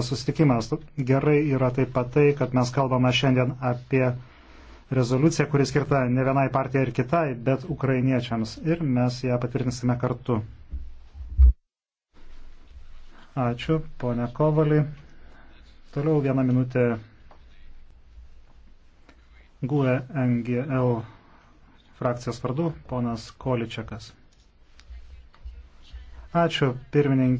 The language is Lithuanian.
susitikimas. Gerai yra taip pat tai, kad mes kalbame šiandien apie rezoliuciją, kuri skirta ne vienai partijai ir kitai, bet ukrainiečiams. Ir mes ją patvirtinsime kartu. Ačiū, ponia Kovali. Toliau vieną minutę GUE NGL frakcijos vardu, ponas Količiakas. Ačiū, pirmininkė.